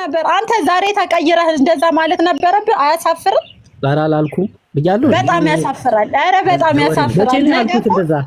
ነበር አንተ ዛሬ ተቀይረህ እንደዛ ማለት ነበረብህ። አያሳፍርም? ዛራ አላልኩም ብያለሁ። በጣም ያሳፍራል። ኧረ በጣም ያሳፍራል።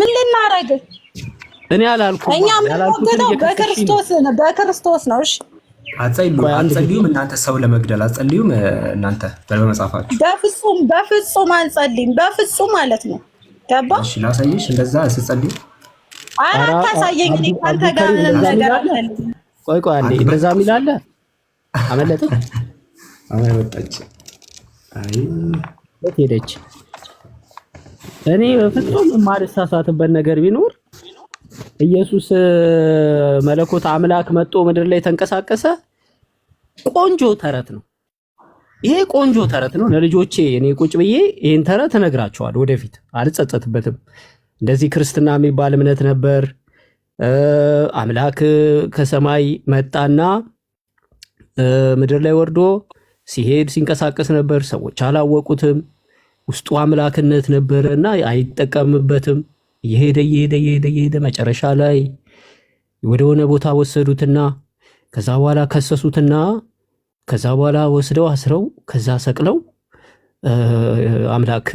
ምን ልናረግ? እኔ አላልኩም። እኛ የምንወገደው በክርስቶስ በክርስቶስ ነው። እሺ አትጸልዩም፣ አንጸልዩም። እናንተ ሰው ለመግደል አትጸልዩም እናንተ በመጻፋችሁ። በፍጹም በፍጹም አንጸልይም፣ በፍጹም ማለት ነው። ገባ? እሺ ላሳይሽ፣ እንደዛ ስትጸልዩ። አታሳየኝ፣ እኔ ካንተ ጋር ምንም ነገር አልፈልግም። ቆይ ቆይ አንዴ፣ እንደዛ የሚል አለ። አመለጠ አመለጠች። አይ ሄደች? እኔ በፍጹም የማልሳሳትበት ነገር ቢኖር ኢየሱስ መለኮት አምላክ መጦ ምድር ላይ ተንቀሳቀሰ ቆንጆ ተረት ነው። ይሄ ቆንጆ ተረት ነው። ለልጆቼ እኔ ቁጭ ብዬ ይህን ተረት እነግራቸዋለሁ። ወደፊት አልጸጸትበትም። እንደዚህ ክርስትና የሚባል እምነት ነበር። አምላክ ከሰማይ መጣና ምድር ላይ ወርዶ ሲሄድ ሲንቀሳቀስ ነበር። ሰዎች አላወቁትም። ውስጡ አምላክነት ነበረ እና አይጠቀምበትም። እየሄደ እየሄደ እየሄደ እየሄደ መጨረሻ ላይ ወደሆነ ቦታ ወሰዱትና ከዛ በኋላ ከሰሱትና ከዛ በኋላ ወስደው አስረው ከዛ ሰቅለው አምላክ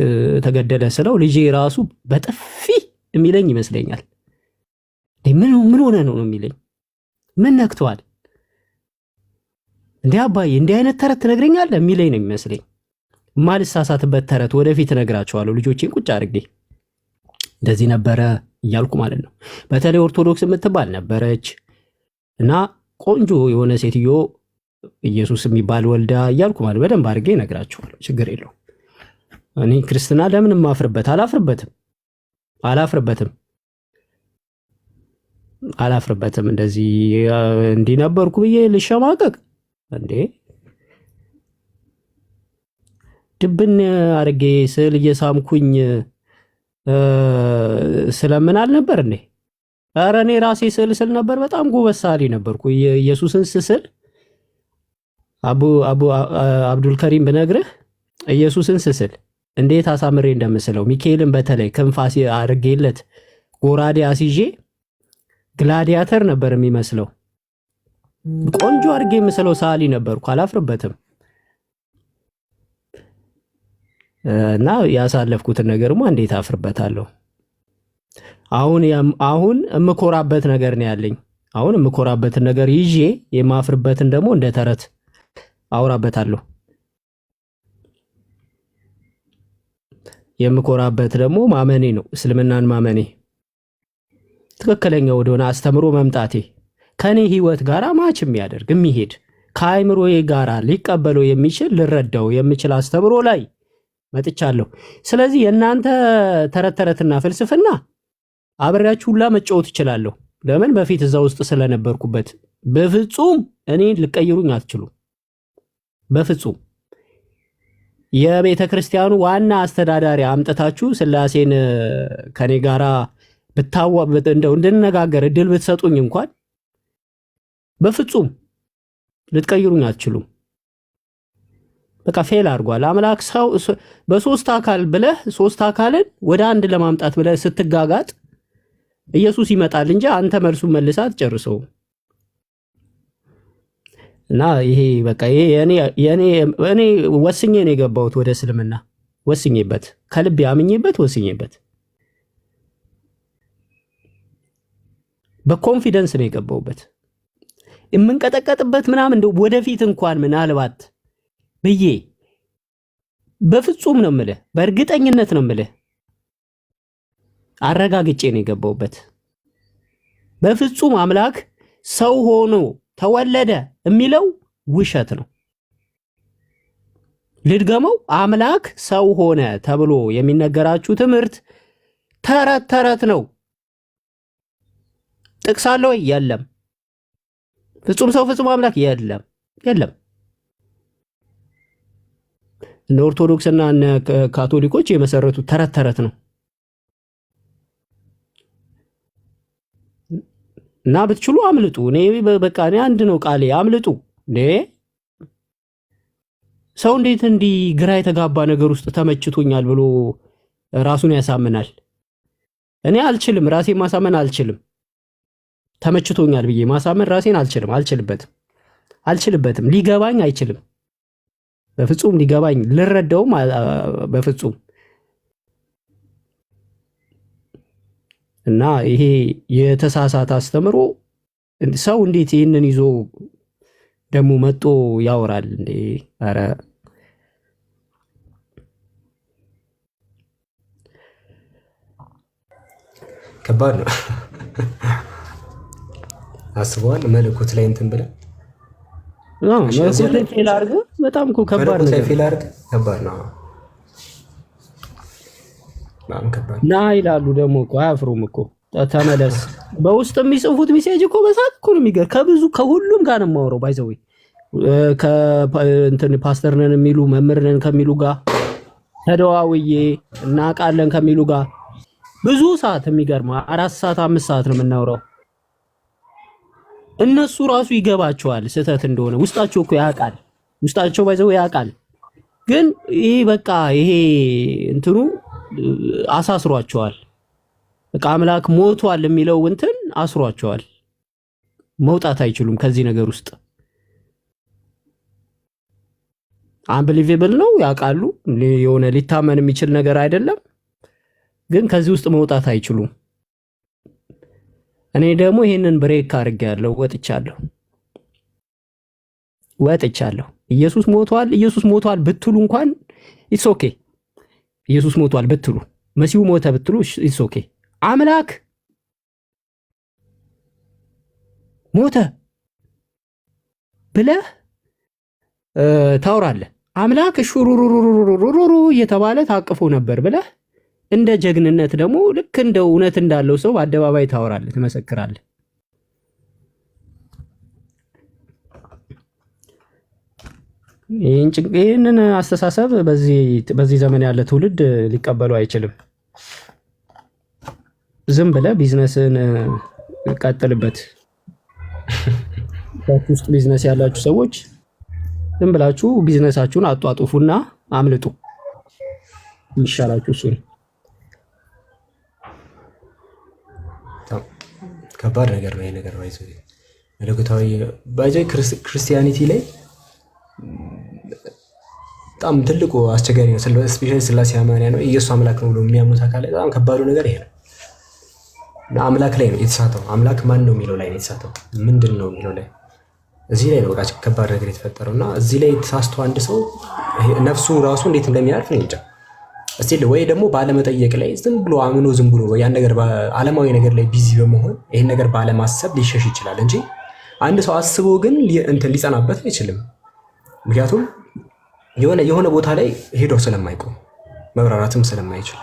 ተገደለ ስለው ልጄ ራሱ በጥፊ የሚለኝ ይመስለኛል። ምን ምን ሆነ ነው ነው የሚለኝ ምን ነክተዋል እንዲህ አባዬ እንዲህ አይነት ተረት ትነግረኛለህ የሚለኝ ነው የሚመስለኝ። ማልሳሳትበት ተረት ወደፊት እነግራቸዋለሁ። ልጆቼን ቁጭ አድርጌ እንደዚህ ነበረ እያልኩ ማለት ነው። በተለይ ኦርቶዶክስ የምትባል ነበረች እና ቆንጆ የሆነ ሴትዮ ኢየሱስ የሚባል ወልዳ እያልኩ ማለት በደንብ አድርጌ እነግራቸዋለሁ። ችግር የለው። እኔ ክርስትና ለምንም ማፍርበት አላፍርበትም አላፍርበትም አላፍርበትም። እንደዚህ እንዲህ ነበርኩ ብዬ ልሸማቀቅ እንዴ ድብን አድርጌ ስዕል እየሳምኩኝ ስለምን አልነበር እንዴ? ኧረ እኔ ራሴ ስዕል ስል ነበር። በጣም ጎበዝ ሰዓሊ ነበርኩ። ኢየሱስን ስስል አብዱልከሪም ብነግርህ ኢየሱስን ስስል እንዴት አሳምሬ እንደምስለው ሚካኤልን በተለይ ክንፋሲ አድርጌለት ጎራዴ አስይዤ ግላዲያተር ነበር የሚመስለው። ቆንጆ አድርጌ የምስለው ሰዓሊ ነበርኩ። አላፍርበትም። እና ያሳለፍኩትን ነገርማ እንዴት አፍርበታለሁ። አሁን አሁን የምኮራበት ነገር ነው ያለኝ። አሁን የምኮራበትን ነገር ይዤ የማፍርበትን ደግሞ እንደ ተረት አውራበታለሁ። የምኮራበት ደግሞ ማመኔ ነው፣ እስልምናን ማመኔ፣ ትክክለኛ ወደሆነ አስተምሮ መምጣቴ ከኔ ህይወት ጋር ማች የሚያደርግ የሚሄድ ከአይምሮዬ ጋር ሊቀበለው የሚችል ልረዳው የምችል አስተምሮ ላይ መጥቻለሁ። ስለዚህ የእናንተ ተረት ተረትና ፍልስፍና አብሬያችሁ ሁላ መጫወት እችላለሁ። ለምን በፊት እዛ ውስጥ ስለነበርኩበት። በፍጹም እኔ ልቀይሩኝ አትችሉም። በፍጹም የቤተ ክርስቲያኑ ዋና አስተዳዳሪ አምጥታችሁ ስላሴን ከኔ ጋራ ብታዋ እንደው እንድንነጋገር እድል ብትሰጡኝ እንኳን በፍጹም ልትቀይሩኝ አትችሉም። በቃ ፌል አድርጓል። አምላክ ሰው በሶስት አካል ብለህ ሶስት አካልን ወደ አንድ ለማምጣት ብለህ ስትጋጋጥ ኢየሱስ ይመጣል እንጂ አንተ መልሱን መልሰህ አትጨርሰውም። እና ይሄ በቃ ይሄ እኔ ወስኜ ነው የገባሁት ወደ እስልምና ወስኜበት ከልብ ያምኜበት ወስኜበት በኮንፊደንስ ነው የገባሁበት የምንቀጠቀጥበት ምናምን እንደው ወደፊት እንኳን ምናልባት ብዬ በፍጹም ነው ምልህ፣ በእርግጠኝነት ነው ምልህ፣ አረጋግጬ ነው የገባውበት። በፍጹም አምላክ ሰው ሆኖ ተወለደ የሚለው ውሸት ነው። ልድገመው፣ አምላክ ሰው ሆነ ተብሎ የሚነገራችሁ ትምህርት ተረት ተረት ነው። ጥቅስ አለ ወይ? የለም። ፍጹም ሰው ፍጹም አምላክ የለም፣ የለም። እነ ኦርቶዶክስና እነ ካቶሊኮች የመሰረቱት ተረት ተረት ነው እና ብትችሉ አምልጡ። እኔ በቃ እኔ አንድ ነው ቃሌ፣ አምልጡ። ሰው እንዴት እንዲህ ግራ የተጋባ ነገር ውስጥ ተመችቶኛል ብሎ ራሱን ያሳምናል? እኔ አልችልም፣ ራሴን ማሳመን አልችልም። ተመችቶኛል ብዬ ማሳመን ራሴን አልችልም፣ አልችልበትም፣ አልችልበትም። ሊገባኝ አይችልም። በፍጹም ሊገባኝ ልረዳውም በፍጹም እና ይሄ የተሳሳት አስተምሮ ሰው እንዴት ይህንን ይዞ ደግሞ መጦ ያወራል እንዴ? ረ ከባድ ነው። አስበዋል መለኮት ላይ እንትን ብለን ሌላ አርገ በጣም እኮ ከባድ ነው። ከባድ ነው። ና ይላሉ። ደግሞ እኮ አያፍሩም እኮ ተመለስ። በውስጥ የሚጽፉት ሚሴጅ እኮ በሳት እኮ ነው የሚገርም። ከብዙ ከሁሉም ጋር ነው የማወራው። ባይዘዌ ከእንትን ፓስተር ነን የሚሉ መምህር ነን ከሚሉ ጋር ተደዋውዬ እናውቃለን ከሚሉ ጋር ብዙ ሰዓት የሚገርም አራት ሰዓት አምስት ሰዓት ነው የምናውራው። እነሱ ራሱ ይገባቸዋል ስህተት እንደሆነ ውስጣቸው እኮ ያውቃል። ውስጣቸው ባይዘው ያውቃል። ግን ይህ በቃ ይሄ እንትኑ አሳስሯቸዋል። በቃ አምላክ ሞቷል የሚለው እንትን አስሯቸዋል። መውጣት አይችሉም ከዚህ ነገር ውስጥ። አንብሊቬብል ነው ያውቃሉ። የሆነ ሊታመን የሚችል ነገር አይደለም። ግን ከዚህ ውስጥ መውጣት አይችሉም። እኔ ደግሞ ይህንን ብሬክ አድርጌያለሁ፣ ወጥቻለሁ። ወጥቻለሁ። ኢየሱስ ሞቷል፣ ኢየሱስ ሞቷል ብትሉ እንኳን ኢትስ ኦኬ። ኢየሱስ ሞቷል ብትሉ፣ መሲሁ ሞተ ብትሉ ኢትስ ኦኬ። አምላክ ሞተ ብለህ ታውራለህ። አምላክ ሹሩሩሩሩሩሩ እየተባለ ታቅፎ ነበር ብለህ እንደ ጀግንነት ደግሞ ልክ እንደ እውነት እንዳለው ሰው አደባባይ ታወራለህ፣ ትመሰክራለህ። ይህንን አስተሳሰብ በዚህ ዘመን ያለ ትውልድ ሊቀበሉ አይችልም። ዝም ብለህ ቢዝነስን ቀጥልበት። ውስጥ ቢዝነስ ያላችሁ ሰዎች ዝም ብላችሁ ቢዝነሳችሁን አጧጡፉና አምልጡ ይሻላችሁ። እሱን ከባድ ነገር ነው። ይሄ ነገር ባይዞ መለኮታዊ ባይዞ ክርስቲያኒቲ ላይ በጣም ትልቁ አስቸጋሪ ነው። ስፔሻሊ ስላሴ አማንያ ነው ኢየሱስ አምላክ ነው ብሎ የሚያምኑት አካል ላይ በጣም ከባዱ ነገር ይሄ ነው። አምላክ ላይ ነው የተሳተው። አምላክ ማን ነው የሚለው ላይ ነው የተሳተው። ምንድን ነው የሚለው ላይ እዚህ ላይ ነው በቃ ከባድ ነገር የተፈጠረው እና እዚህ ላይ ተሳስቶ አንድ ሰው ነፍሱ ራሱ እንዴት እንደሚያርፍ ነው እንጃ። እስቲ ወይ ደግሞ ባለመጠየቅ ላይ ዝም ብሎ አምኖ ዝም ብሎ ያን ነገር ዓለማዊ ነገር ላይ ቢዚ በመሆን ይህን ነገር ባለማሰብ ሊሸሽ ይችላል እንጂ አንድ ሰው አስቦ ግን እንትን ሊጸናበት አይችልም። ምክንያቱም የሆነ የሆነ ቦታ ላይ ሄዶ ስለማይቆም መብራራትም ስለማይችል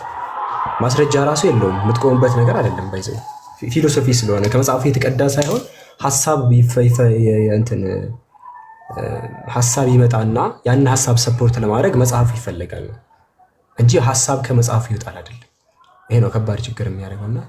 ማስረጃ ራሱ የለውም። የምትቆምበት ነገር አይደለም። ባይዘ ፊሎሶፊ ስለሆነ ከመጽሐፉ የተቀዳ ሳይሆን ሀሳብ እንትን ሀሳብ ይመጣና ያን ሀሳብ ሰፖርት ለማድረግ መጽሐፉ ይፈለጋል እንጂ ሀሳብ ከመጽሐፉ ይወጣል አይደለም። ይሄ ነው ከባድ ችግር የሚያደርገውና